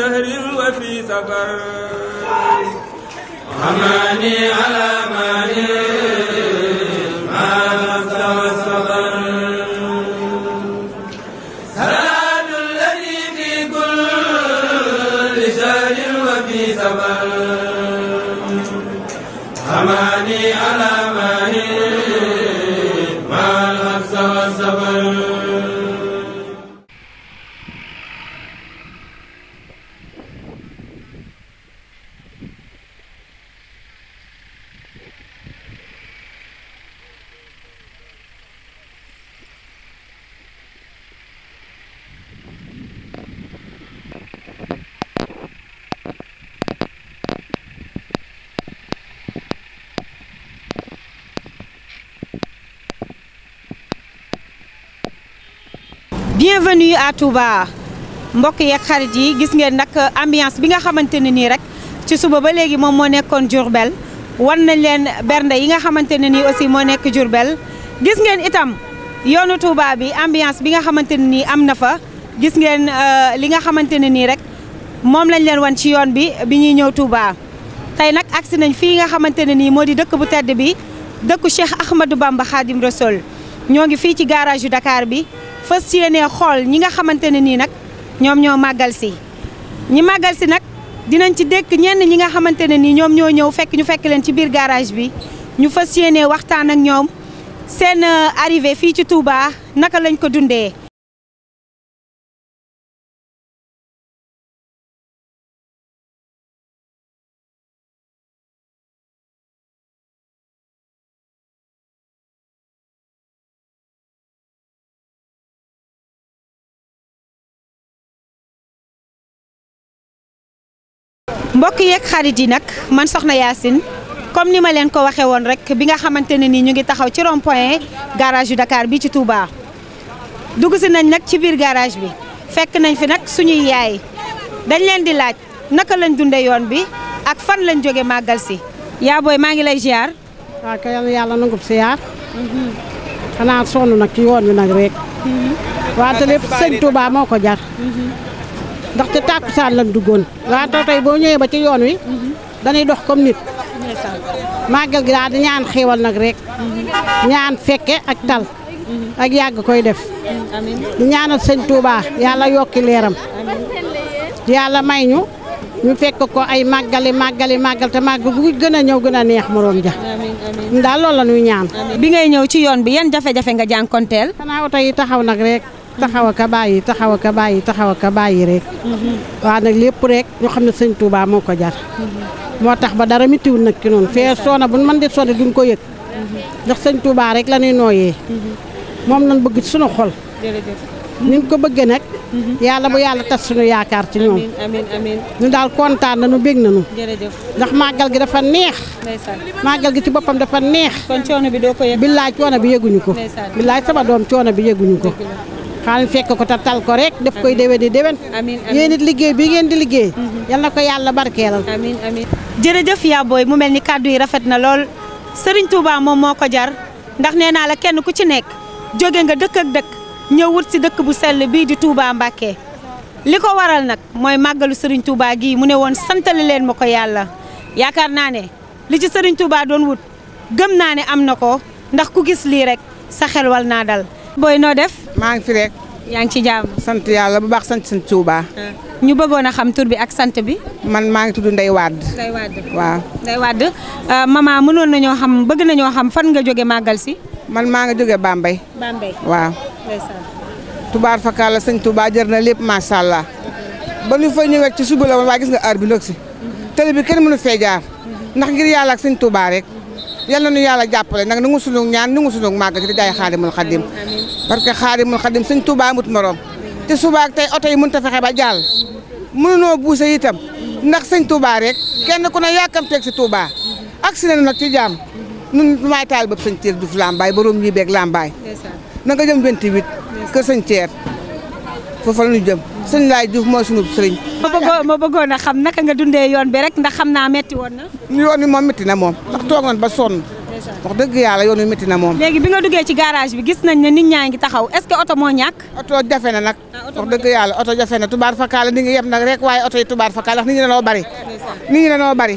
شهر وفي سفر وماني على ماني ما نفس والصبر سلام الذي في كل شهر وفي سفر وماني على ماني bienvenue à Touba mbokk yeeg xarit yi gis ngeen nag ambiance bi nga xamante ne nii rek ci suba ba léegi moom moo nekkoon Diourbel wan nañ leen bernde yi nga xamante ne nii aussi moo nekk Diourbel gis ngeen itam yoonu Touba bi ambiance bi nga xamante ne nii am na fa gis ngeen euh, li nga xamante ne nii rek moom lañ leen wan ci yoon bi bi ñuy ñëw Touba tey nag agsi nañ fii nga xamante ne nii moo di dëkk bu tedd bi dëkk Cheikh Ahmadou Bamba Khadim Rassoul ñoo ngi fii ci garage yu Dakar bi fas yéenee xool ñi nga xamante ne nii nag ñoom ñoo màggal si ñi màggal si nag dinañ ci dékk ñenn ñi nga xamante ne nii ñoom ñoo ñëw fekk ñu fekk leen ci biir garage bi ñu fas yéenee waxtaan ak ñoom seen euh, arrivée fii ci Touba naka lañ ko dundee. mbokk yeeg xarit yi nag man soxna Yacine comme ni ma leen ko waxee woon rek bi nga xamante ne nii ñu ngi taxaw ci rond point garage yu Dakar bi ci Touba dugg si nañ nag ci biir garage bi fekk nañ fi nag suñuy yaay dañ leen di laaj naka lañ dundee yoon bi ak fan lañ jóge màggal si yaa booy maa ngi lay ziar. waaw kay yàlla nangu si ziar. xanaa sonn nag ci yoon bi nag rek. Mhm. wante lépp sëñ Touba moo ko jar. Mhm. ndaxte tàkkusaan lañ duggoon waaye tey tey boo ñëwee ba ci yoon wi dañuy dox comme nit màggal gi daal di ñaan xéewal nag rek ñaan fekke ak tal ak yàgg koy def di ñaanal sëñ Touba yàlla yokki leeram yàlla may ñu ñu fekk ko ay màggali màggali màggal te màgg gu gën a ñëw gën a neex moroom ja daal loolu la ñuy ñaan bi ngay ñëw ci yoon bi yan jafe-jafe nga jànkonteel xanaa oto taxaw nag rek taxaw ak a bàyyi taxaw ka bàyyi taxaw ka bàyyi rek. Mm-hmm. waaw nag lépp rek ñu xam ne sëñ Touba moo ko jar. Mm-hmm. moo tax ba dara mitiwul nag ci noonu mm-hmm. fee soona bu man mën di soone duñ ko yëg. ndax sëñ Touba rek la ñuy nooyee. moom lañ bëgg suñu xol. ni ko bëggee nag. yàlla bu yàlla tas suñu yaakaar ci ñoom. ñu daal kontaan nañu bég nañu. jërëjëf ndax màggal gi dafa neex. ndeysaan màggal gi ci boppam dafa neex. kon coono bi doo ko yëg. billaay coono bi yëguñu ko. ndeysaan billaay sama doom coono bi yëguñu ko. xaaral fekk ko te ko rek daf koy déwén di déwén. amiin liggéey bi ngeen di liggéey. Mhm. yal ko yàlla barkeelal. amiin amiin. jërëjëf yaa booy mu mel ni kàddu yi rafet na lool sëriñ Touba moom moo ko jar ndax nee naa la kenn ku ci nekk jóge nga dëkk ak dëkk ñëw wut si dëkk bu sell bii di Touba Mbacké li ko waral nag mooy màggalu Serigne Touba gii mu ne woon santale leen ma ko yàlla yaakaar naa ne li ci Serigne Touba doon wut gëm naa ne am na ko ndax ku gis lii rek sa xel wal naa dal. booy noo def. maa ngi fi rek. yaa ngi ci jàmm. sant yàlla bu baax sant sant Tuuba. Ah. ñu bëggoon a xam tur bi ak sant bi. man maa ngi tudd nday Wade. Ndeye Wade waaw. Ndeye Wade ah, nañoo xam bëgg nañoo xam fan nga jóge màggal si. man maa nga jóge Bambey. Bambey waaw. ndeysaan. tubaar fakkaala sëñ Touba jër na lépp macha allah. ba ñu fa ñëwee ci suba la woon gis nga ar bi ndox si. Mhm. télé bi kenn mënu fee mhm. ndax ngir yàlla ak sëñ Touba rek. yal na nu yàlla jàppale nag nangu sunu ñaan nangu sunu màgg di jaay xaadimul xadim parce que xaadimul xadim sëñ Tuubaa amut morom te suba ak tey oto yi mënut a fexe ba jàll mënunoo buuse itam ndax sëñ Tuubaa rek kenn ku ne yàkkamteeg si Tuubaa ak si nañu nag ci jaam nun maay taal bëpp sëñ Thier Diouf Lambaye borom ñi beeg Lambaye na nga jëm 28 kër sëñ Thier foofa la ñu jëm sëñ Laay Diouf mooy sunu sëriñ. ma bëggoon ma bëggoon a xam naka nga dundee yoon bi rek ndax xam naa metti woon na. yoon wi moom metti na moom ndax toog nañ ba sonn. wax dëgg yàlla yoon wi metti na moom. léegi bi nga duggee ci garage bi gis nañ ne nit ñaa ngi taxaw est-ce oto moo ñàkk. oto jafe na nag. Ah, wax dëgg yàlla oto jafe na tubaar fakkaala ni ngi yem nag rek waaye oto yi tubaar fakkaala ndax nit ñi dañoo bari. nit ñi bari.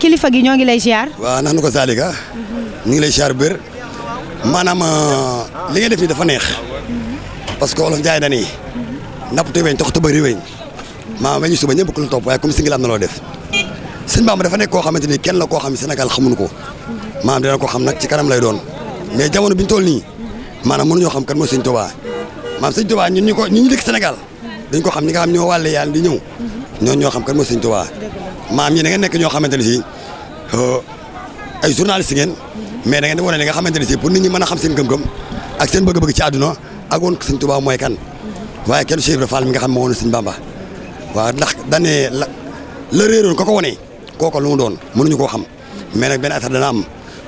kilifa gi ñoo ngi lay ziar. waaw nax nu ko Salika. Mhm. ñu ngi lay ziar bu wér maanaam euh, li nga def ni dafa neex parce que olof njaay dani napp te weñ tax te bëri weñ maa weñu suba ñëpp ku la topp waaye comme singil am na loo def sëñ Bamba dafa nekk koo xamante ni kenn la koo xam ne Sénégal xamuñu ko maanaam dina xam nag ci kanam lay doon mais jamono bi ñu toll nii maanaam mënuñoo xam kan mooy sëñ Touba maanaam sëñ Touba ñu ko ñun ñu dëkk Sénégal dañ ko xam ñi nga xam ñoo wàlle yàlla di ñëw ñoo xam kan mooy maam ñi da ngeen nekk ñoo xamante ne si euh, ay journaliste ngeen mais da ngeen di wane li nga xamante si pour nit ñu mën a xam seen gëm-gëm ak seen bëgg-bëgg ci àdduna ak woon ko sëñ mooy kan waaye kenn Cheikh Ibra Fall mi nga xam moo woon sëñ Bamba waaw ndax danee la la réeroon ko ko wonee kooko lu doon mënuñu koo xam mais nag benn affaire dana am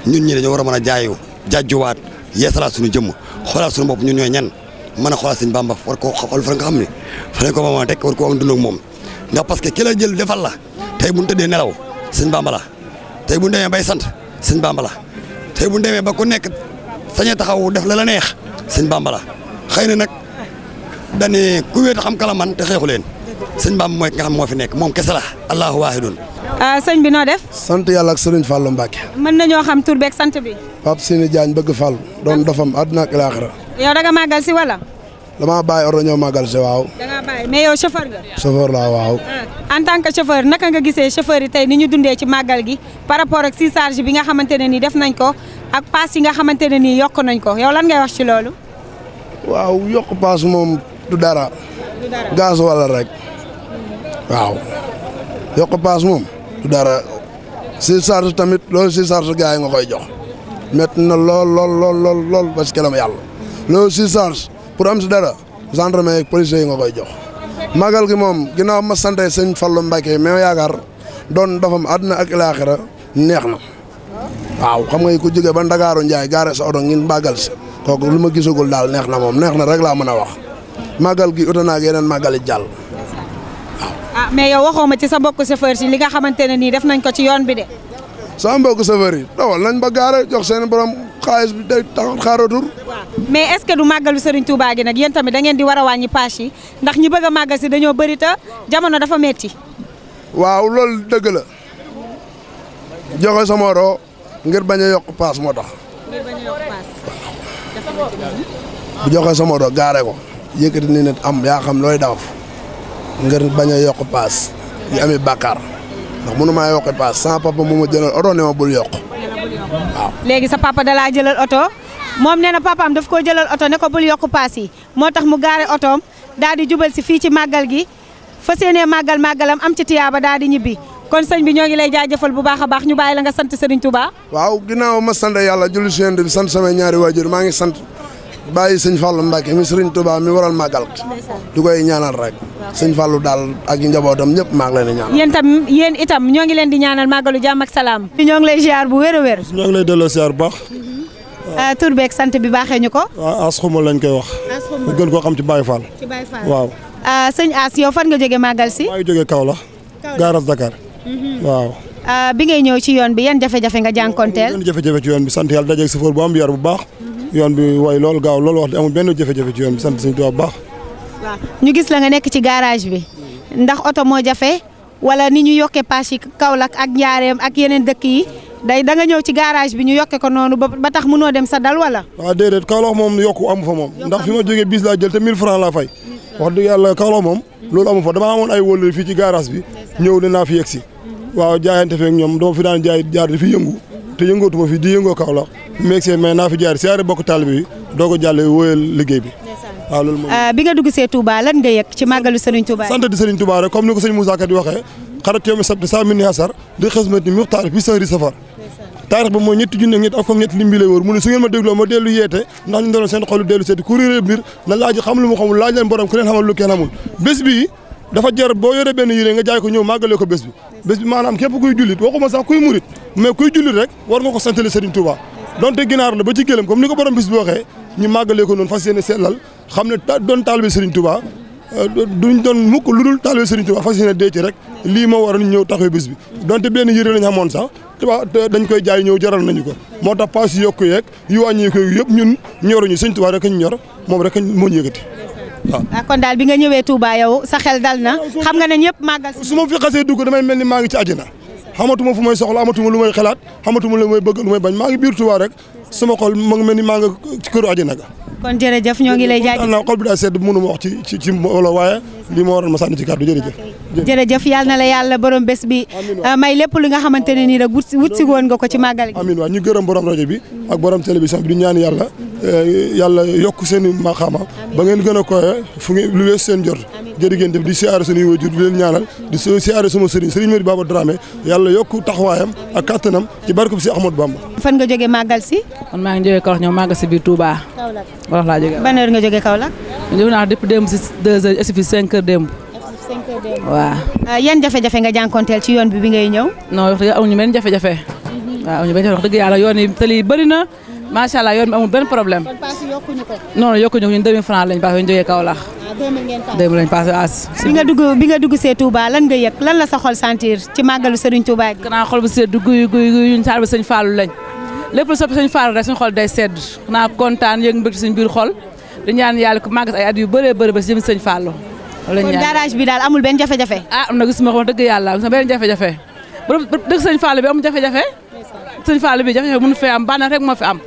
ñun ñi dañoo war a mën a jaayu jaajuwaat yeesalaat suñu jëmm xoolaat suñu bopp ñun ñooy ñan mën a xoolaat sëñ Bamba war koo xool fa nga xam ne fa lañ ko mën a teg war koo am dund ak moom ndax ki la jël defal la tey bu ñu tëddee nelaw sëñ Bamba la tey bu demee bay sant sëñ Bamba la tey bu ñu demee ba ku nekk sañee taxaw def la la neex sëñ Bamba la xëy na nag dane ku wéet xam kala man te xeexu leen sëñ Bamba mooy ki nga xam moo fi nekk moom kese la allahu waahidun ah, sañ bi noo def. sant yàlla ak sëriñ Fallou Mbacke. mën nañoo xam tur beeg sant bi. Pape Sini Diagne bëgg Fallou doon dofam àdduna ak laaxira. yow da nga màggal si wala. damaa bàyyi or ñoo màggal si waaw. da ngaa bàyyi mais yow chauffeur nga. chauffeur laa waaw. Ah, en tant que chauffeur naka nga gisee chauffeur yi tey ni ñu dundee ci màggal gi par rapport ak si charge bi nga xamante ne nii def nañ ko ak paas yi nga xamante ne nii yokk nañ ko yow lan ngay waaw yokk paas moom du dara. du dara gaz wala rek. waaw yokk paas moom du dara si sartu tamit loolu si sartu gars yi nga koy jox. métti na lool lool lool lool lool parce que yàlla. loolu si sartu pour am si dara gendarme yeeg policiers yi nga koy jox. magal gi moom ginnaaw ma sant sëñ Fallou Mbacke mais yaakaar doon dofam àdduna ak ilaaxira neex na. waaw xam nga ku jóge ba Ndakaaru Ndiaye gaare sa oto ngeen màggal si. kooku lu ma gisagul daal neex na moom neex na rek laa mën a wax màggal gi uta naag yeneen màggali jàll waaw ah, mais yow waxoo ma ci sa mbokku chauffeur si li nga xamante ne nii def nañ ko ci yoon bi de sama mbokku chauffeur yi dawal nañ ba gaare jox seen borom xaalis bi day mais est ce que du màggalu Serigne Touba gi nag yéen tamit da ngeen di war a wàññi pâche yi ndax ñi bëgg a màggal si dañoo bëri te jamono dafa metti waaw lool dëgg la joxe sama roo ngir bañ a yokk paas moo tax bu joxee sama oto gaare ko yëkkati ni am yaaxam xam looy dawaf ngir bañ yokk paas yi amee bàkkaar ndax mënu maa yokk paas sans papa mu ma jëlal oto ne ma bul yokk waaw. léegi sa papa dalaa jëlal oto moom nee na papaam daf koo jëlal oto ne ko bul yokk paas yi moo tax mu gaare otoom daal di jubal si fii ci màggal gi fa seenee màggal màggalam am ci tiyaaba daal di ñibbi. kon señ bi ñoo ngi lay jaajëfal bu baax a baax ñu bàyyi la nga sant Serigne Touba. waaw ginnaaw ma sant yàlla julli si bi sant samay ñaari waajur maa ngi sant bàyyi sëñ Fallou Mbacke mi Serigne Touba mi waral màggal du koy ñaanal rek sëñ Fallou daal ak njabootam ñëpp maa ngi leen di ñaanal. yéen tam yéen itam ñoo ngi leen di ñaanal màggalu jàmm ak salaam. ñoo ngi lay ziar bu wér a wér. ñoo ngi lay delloo ziar bu baax. Mm-hmm. Euh, tur beeg sant bi baaxee ñu ko. waaw ah, asxuma lañ koy wax. asxuma gën koo xam ci Baye Fall. ci Baye Fall euh, sëñ As fan nga jógee màggal si. maa ngi jógee Kaolack. Garaas Dakar Mm-hmm. waaw. Ah, bi ngay ñëw ci yoon bi yan jafe-jafe nga jànkonteel. benn jafe-jafe ci yoon bi sant yal dajeeg sëfoor bu am yar bu baax. Mm-hmm. yoon bi way lool gaaw lool wax benn jafe-jafe ci yoon bi sant suñu tubaab bu gis la nga nekk ci garage bi ndax oto moo jafe wala ni ñu yokkee paas yi Kaolack ak Njaareem ak yeneen dëkk yi day da nga ñëw ci garage bi ñu yokke ko noonu ba tax mënoo dem sa dal wala. waaw déedéet Kaolack moom yokku amu fa moom ndax fi ma jógee bis laa jël te 1000 francs laa fay wax dëgg yàlla Kaolack moom loolu amu fa damaa amoon ay wóllare fii ci garage bi ñëw ne fi yegg si waaw jaayante feeg ñoom dama fi daan jaay jaar di fi yëngu te yëngootuma fi di yëngoo kaw la meeg see mais naa fi jaar siyaare bokk taalibe yi doo ko jàlle liggéey bi waaw loolu moom ah, bi nga dugg see Touba lan nga yëg ci di Serigne Touba rek comme ni ko sëñ Moussa Ka di waxee xarat yoomi sabti saa di xismat ni muxtaar fi sahri safar taarix ba mooy ñetti junne ñett ak foog ñett lim bi lay wóor mu ma dégloo ma dellu na laaj xam lu mu xamul laaj leen borom ku leen xamal lu kenn xamul dafa jar boo yore benn yére nga jaay ko ñëw màggale ko bés bi bés bi maanaam képp kuy jullit waxuma sax kuy murit mais kuy jullit rek war nga ko santale Serigne Touba donte ginaar la ba ci gëlëm comme ni ko borom bis bi waxee ñu màggale ko noonu fas euh, mukk lu dul taalibe Serigne Touba fas yéene dee rek lii moo waroon ñëw taxaw bés bi donte benn yére lañ xamoon sax dañ koy jaay ñëw jaral nañu ko moo tax paas yokku yeeg yu wàññi ko yëpp ñun ñoruñu Serigne Touba rek ñu ñor moom rek moo ñu yëkkati waaw ah, kon daal bi nga ñëwee Touba yow sa xel dal na xam nga ne ñëpp màggal su ma fi xasee dugg damay mel ni maa ngi ci àjjana xamatuma fu may soxla xamatuma lu may xalaat xamatuma lu may bëgg lu may bañ maa ngi biir Touba rek sama ma ngi ni maa nga ci këru àjjana ga kon jërëjëf ñoo ngi lay jaajëfal naa xol bi daal sedd mënu ma wax ci ci ci yàlla borom bés bi ah, may lépp li nga xamante ne nii rek wut si woon nga ko ci màggal gi amiin waaw ñu gërëm borom rajo bi ak borom télévision bi di ñaan yàlla Eh, yàlla yokk seen i maxaama ba ngeen gën a koyee lu wees seen jot jërë ngeen jëf di siyaare suñuy wajur di leen ñaanal di siyaare sama sëriñ sëriñ Mody Baba Dramé yàlla yokk taxawaayam ak kattanam ci si Ahmadou Bamba. fan nga jógee màggal si. man maa ngi jógee Kaolack ñëw màggal si biir Touba. Kaolack wax laa jógee. ban heure nga jógee Kaolack. ñu naan si 2 heures et puis 5 heures démb. waaw. Euh, yan jafe-jafe nga jànkonteel ci yoon bi bi ngay ñëw. non wax dëgg amuñu benn jafe-jafe. Mhm. waaw amuñu benn jafe-jafe wax dëgg yàlla yoon yi na macha allah yoon bi amul benn problème. kon paas yi yokkuñu ko. non non yokkuñu ko ñun 2000 francs lañ paas ñu jógee Kaolack. ah as. bi nga dugg bi nga dugg see Touba lan nga yëg lan la sa xol sentir ci màggalu Serigne Touba gi. xanaa xol bu sedd guy guy guy ñun saal bi sëñ lépp lu soppi sëñ Fallou rek suñu xol day sedd xanaa kontaan yëg mbégte suñu biir xol di ñaan yàlla ko màggas ay yu bëree bëri ba si jëm sëñ Fallou. wala ñaan bi daal amul benn jafe-jafe. ah am na gisuma ko wax dëgg yàlla gisuma benn jafe-jafe. bu dëgg sëñ Fallou bi amul jafe-jafe. sëñ Fallou bi jafe-jafe am bànneex rek moo fi am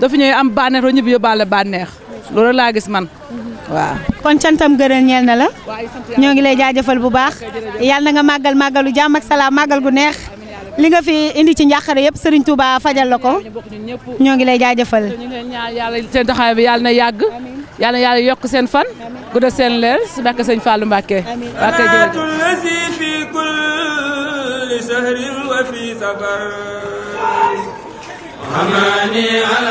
dafa ñëw am bànneex doo ñibbi yóbbaale bànneex loolu laa gis man waaw. kon cantam gërëm ñeel na la ñoo ngi lay jaajëfal bu baax yàlla na nga màggal màggalu jàmm ak salaam màggal gu neex li nga fi indi ci njàqare yëpp Serigne Touba fajal la ko ñoo ngi lay jaajëfal. ñu ngi ñaan yàlla seen taxawaay bi yàlla na yàgg yàlla na yàlla yokk seen fan guddal seen leer si barke Sëñ Fallou Mbacké. amiin.